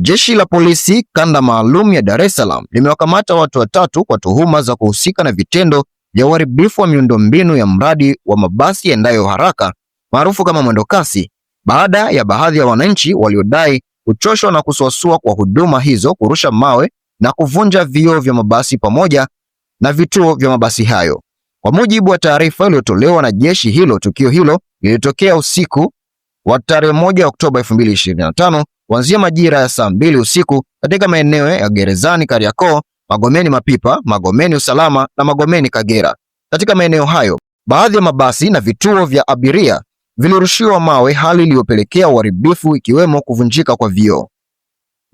Jeshi la polisi kanda maalum ya Dar es Salaam limewakamata watu watatu kwa tuhuma za kuhusika na vitendo vya uharibifu wa miundombinu ya mradi wa mabasi yaendayo haraka maarufu kama mwendokasi, baada ya baadhi ya wananchi waliodai kuchoshwa na kusuasua kwa huduma hizo kurusha mawe na kuvunja vioo vya mabasi pamoja na vituo vya mabasi hayo. Kwa mujibu wa taarifa iliyotolewa na jeshi hilo, tukio hilo lilitokea usiku wa tarehe 1 Oktoba 2025 kuanzia majira ya saa mbili usiku katika maeneo ya Gerezani Kariakoo, Magomeni Mapipa, Magomeni Usalama na Magomeni Kagera. Katika maeneo hayo, baadhi ya mabasi na vituo vya abiria vilirushiwa mawe, hali iliyopelekea uharibifu ikiwemo kuvunjika kwa vioo.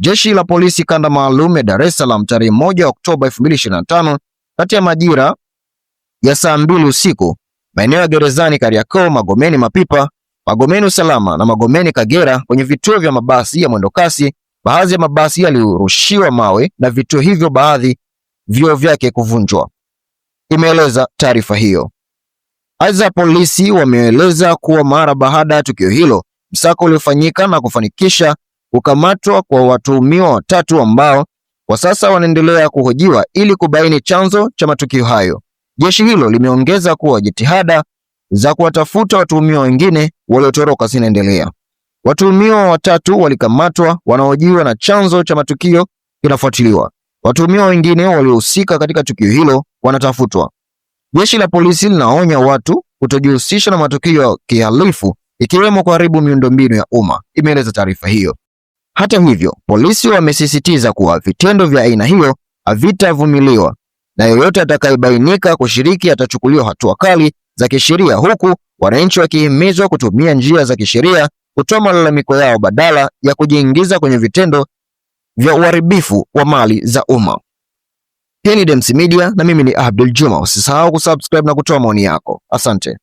Jeshi la polisi kanda maalum ya Dar es Salaam tarehe 1 Oktoba 2025 kati ya majira ya saa mbili usiku maeneo ya Gerezani Kariakoo, Magomeni Mapipa, Magomeni Usalama na Magomeni Kagera kwenye vituo vya mabasi ya mwendokasi, baadhi ya mabasi yalirushiwa mawe na vituo hivyo baadhi vio vyake kuvunjwa, imeeleza taarifa hiyo. Aidha, polisi wameeleza kuwa mara baada ya tukio hilo, msako uliofanyika na kufanikisha kukamatwa kwa watuhumiwa watatu ambao kwa sasa wanaendelea kuhojiwa ili kubaini chanzo cha matukio hayo. Jeshi hilo limeongeza kuwa jitihada za kuwatafuta watuhumiwa wengine waliotoroka zinaendelea. Watuhumiwa watatu walikamatwa, wanaojiwa na chanzo cha matukio kinafuatiliwa. Watuhumiwa wengine waliohusika katika tukio hilo wanatafutwa. Jeshi la polisi linaonya watu kutojihusisha na matukio ya kihalifu ikiwemo kuharibu miundombinu ya umma, imeeleza taarifa hiyo. Hata hivyo, polisi wamesisitiza kuwa vitendo vya aina hiyo havitavumiliwa na yoyote atakayebainika kushiriki atachukuliwa hatua kali za kisheria, huku wananchi wakihimizwa kutumia njia za kisheria kutoa malalamiko yao badala ya kujiingiza kwenye vitendo vya uharibifu wa mali za umma. Hii ni Dems Media na mimi ni Abdul Juma. Usisahau kusubscribe na kutoa maoni yako. Asante.